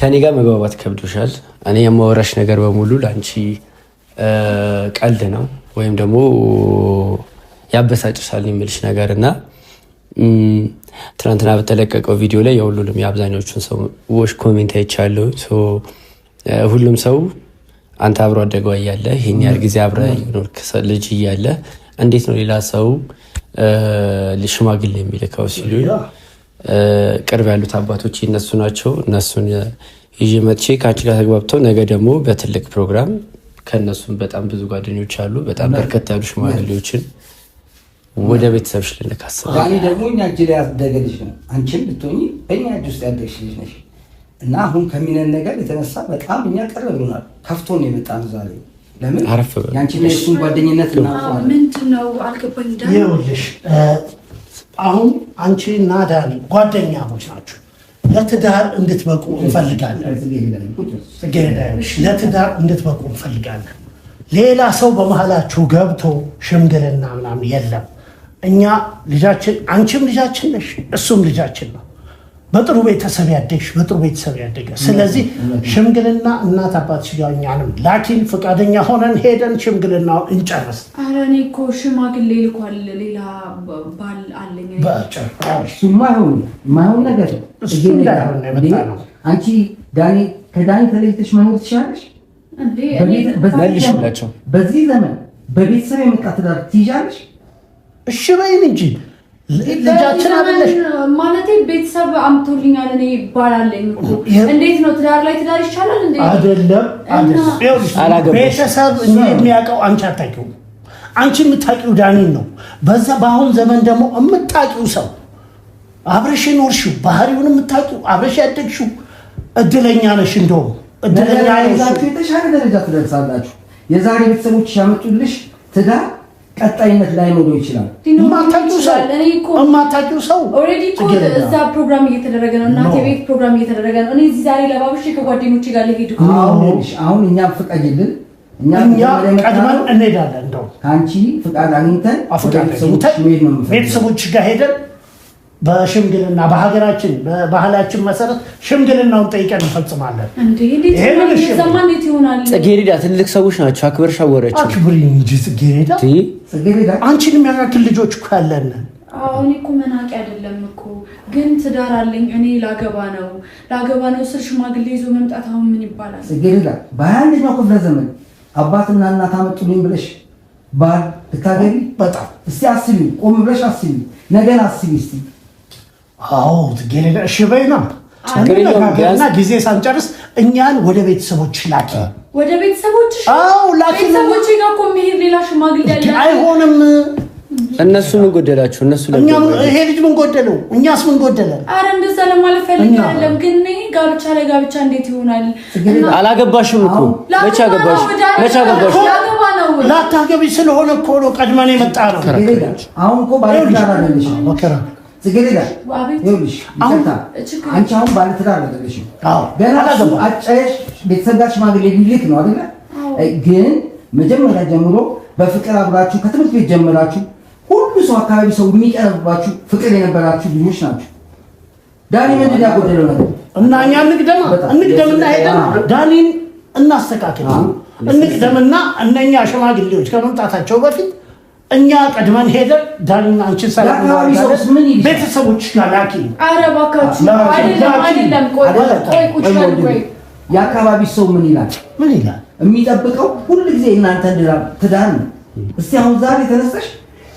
ከኔ ጋር መግባባት ከብዶሻል። እኔ የማወራሽ ነገር በሙሉ ለአንቺ ቀልድ ነው ወይም ደግሞ ያበሳጭሻል የሚልሽ ነገር እና ትናንትና በተለቀቀው ቪዲዮ ላይ የሁሉንም የአብዛኞቹን ሰዎች ኮሜንት አይቻለሁ። ሁሉም ሰው አንተ አብሮ አደገዋ እያለ ይህን ያህል ጊዜ አብረ ልጅ እያለ እንዴት ነው ሌላ ሰው ሽማግሌ የሚልከው ሲሉ ቅርብ ያሉት አባቶች እነሱ ናቸው። እነሱን ይዤ መጥቼ ከአንቺ ጋር ተግባብተው ነገ ደግሞ በትልቅ ፕሮግራም ከእነሱም በጣም ብዙ ጓደኞች አሉ። በጣም በርከት ያሉ ሽማግሌዎችን ወደ ቤተሰብሽ ልልክ አስባለሁ። ደግሞ እኛ እጅ ላይ ያደገ ልጅ ነው። አንቺም ብትሆኚ በእኛ እጅ ውስጥ ያደግሽ ልጅ ነሽ እና አሁን ከሚነን ነገር የተነሳ በጣም እኛ ቅርብ ብሎናል። ከፍቶን የመጣን ዛሬ ለምን ያንቺና የሱን ጓደኝነት ምንድን ነው አልገባኝ። አሁን አንቺ እና ዳኒ ጓደኛሞች ናችሁ። ለትዳር እንድትበቁ እንፈልጋለን። ለትዳር እንድትበቁ እንፈልጋለን። ሌላ ሰው በመሀላችሁ ገብቶ ሽምግልና ምናምን የለም። እኛ ልጃችን አንቺም ልጃችን ነሽ፣ እሱም ልጃችን ነው። በጥሩ ቤተሰብ ያደግሽ፣ በጥሩ ቤተሰብ ያደገ። ስለዚህ ሽምግልና እናት አባት ጋር ላኪን፣ ፈቃደኛ ሆነን ሄደን ሽምግልናውን እንጨርስ። ኧረ እኔ እኮ ሽማግሌ ልኳል ሌላ ባል አለኝ። እሱማ አይሆንም፣ የማይሆን ነገር አንቺ ዳኒ ከዳኒ ተለይተሽ መኖር ትችላለሽ። በዚህ ዘመን በቤተሰብ የመጣ ትዳር ትይዣለሽ? እሺ በይን እንጂ ልጃችን አለሽ ማለቴ ቤተሰብ አምቶልኛል። እኔ ይባላለኝ እንዴት ነው ትዳር ላይ ትዳር ይቻላል? አይደለም ቤተሰብ የሚያውቀው አንቺ አታውቂውም አንቺ የምታውቂው ዳኒን ነው። በዛ በአሁን ዘመን ደግሞ የምታውቂው ሰው አብረሽ የኖርሽው ባህሪውን የምታውቂው አብረሽ ያደግሽው እድለኛ ነሽ። እንደውም እድለኛ የተሻለ ደረጃ ትደርሳላችሁ። የዛሬ ቤተሰቦች ያመጡልሽ ትዳር ቀጣይነት ላይ ኖሮ ይችላል። እማታውቂው ሰው ኦልሬዲ እዛ ፕሮግራም እየተደረገ ነው፣ እናቴ ቤት ፕሮግራም እየተደረገ ነው። እኔ እዚህ ዛሬ ለባብሽ ከጓደኞች ጋር ልሄድ አሁን እኛም ፍቀጅልን እኛ ቀድመን እንሄዳለን። እንደው ከአንቺ ፍቃድ አግኝተን ቤተሰቦች ጋር ሄደን በሽምግልና በሀገራችን በባህላችን መሰረት ሽምግልናውን ጠይቀን እንፈጽማለን። ጽጌሬዳ ትልቅ ሰዎች ናቸው። አክብር ሻወረች አክብር እንጂ ጽጌሬዳ አንቺንም ያካክል ልጆች እኮ ያለን አሁን እኮ መናቂ አይደለም እኮ ግን ትዳር አለኝ እኔ ላገባ ነው ላገባ ነው ስል ሽማግሌ ይዞ መምጣት አሁን ምን ይባላል? ጽጌሬዳ በሀያ አንደኛው ክፍለ ዘመን አባትና እናት አመጡልኝ ብለሽ ባል ልታገቢ በጣም እስቲ አስቢ፣ ቆም ብለሽ አስቢ፣ ነገን አስቢ እስቲ። አዎ ትገለለ እሺ በይና እና ጊዜ ሳንጨርስ እኛን ወደ ቤተሰቦች ላኪ፣ ወደ ቤተሰቦች አዎ ላኪ። ቤተሰቦች ጋር እኮ የሚሄድ ሌላ ሽማግሌ አይሆንም እነሱ ምን ጎደላችሁ? እነሱ ይሄ ልጅ ምን ጎደለው? እኛስ ምን ጎደለ? አረ እንደዛ ለማለት ፈልጋለም፣ ግን ጋብቻ ላይ ጋብቻ እንዴት ይሆናል? አላገባሽም እኮ መቼ አገባሽ? መቼ አገባሽ? ላታገቢ ስለሆነ እኮ ነው ቀድመን የመጣ ነው። አሁን እኮ ባለትዳር አይደለሽም። አንቺ አሁን ባለትዳር አይደለሽም። ቤተሰብ ጋር ሽማግሌ ሊልክ ነው አይደለ? ግን መጀመሪያ ጀምሮ በፍቅር አብራችሁ ከትምህርት ቤት ጀምራችሁ ሰው አካባቢ ሰው የሚቀርብባችሁ ፍቅር የነበራችሁ ልጆች ናቸው። ዳኒ ምንድን ያጎደለው ነገር እና እኛ እንቅደም እንቅደምና ሄደን ዳኒን እናስተካክል እንቅደምና እነኛ ሽማግሌዎች ከመምጣታቸው በፊት እኛ ቀድመን ሄደን ዳኒና አንቺን ሰላም ቤተሰቦች ጋር ላኪ። ኧረ እባካችሁ አይደለም። ቆይ ቁጭ የአካባቢ ሰው ምን ይላል? ምን ይላል? የሚጠብቀው ሁልጊዜ እናንተ ትዳር ነው። እስቲ አሁን ዛሬ ተነስተሽ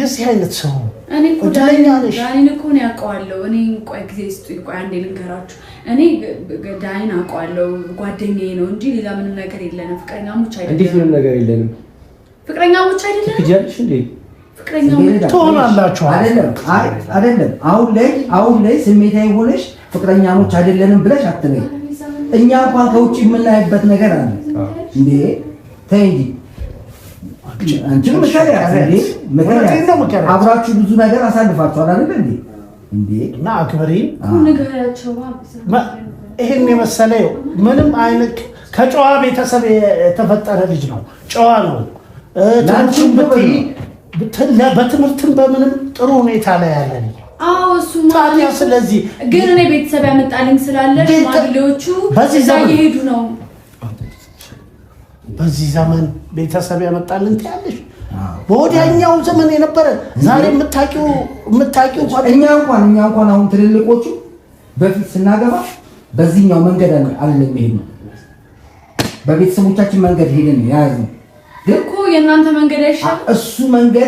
የዚህ አይነት ሰው እኔ እኮ ዳኒን እኮ እኔ ቆይ ጊዜ ስጡኝ፣ ቆይ አንዴ ልንገራችሁ። እኔ ዳኒን አውቀዋለሁ፣ ጓደኛዬ ነው እንጂ ሌላ ምንም ነገር የለንም። ፍቅረኛሞች አይደለም። እንዴት ምንም ነገር የለንም? ፍቅረኛሞች አይደለም። ትጃለሽ እንዴ? ፍቅረኛሞች ትሆናላችሁ። አይደለም። አሁን ላይ አሁን ላይ ስሜታዊ ሆነሽ ፍቅረኛሞች አይደለንም ብለሽ አትነኝ። እኛ እንኳን ከውጭ የምናይበት ነገር አለ እንዴ? ተይ እንጂ አንቺም አብራችሁ ብዙ ነገር አሳልፋችኋል አይደል እንዴ? እንዴ እና አክብሪ ይሄን የመሰለ ምንም አይነት ከጨዋ ቤተሰብ የተፈጠረ ልጅ ነው። ጨዋ ነው። በትምህርትም በምንም ጥሩ ሁኔታ ላይ ያለ ልጅ ታዲያ፣ ስለዚህ ግን እኔ ቤተሰብ ያመጣልኝ ስላለ ሽማግሌዎቹ በዚህ እዛ እየሄዱ ነው በዚህ ዘመን ቤተሰብ ያመጣልን ትያለሽ። በወዲያኛው ዘመን የነበረ ዛሬ የምታውቂው የምታውቂው እኛ እንኳን እኛ እንኳን አሁን ትልልቆቹ በፊት ስናገባ በዚህኛው መንገድ አለም ይሄ ነው በቤተሰቦቻችን መንገድ ሄደን ያዝ እኮ የእናንተ መንገድ አይሻልም እሱ መንገድ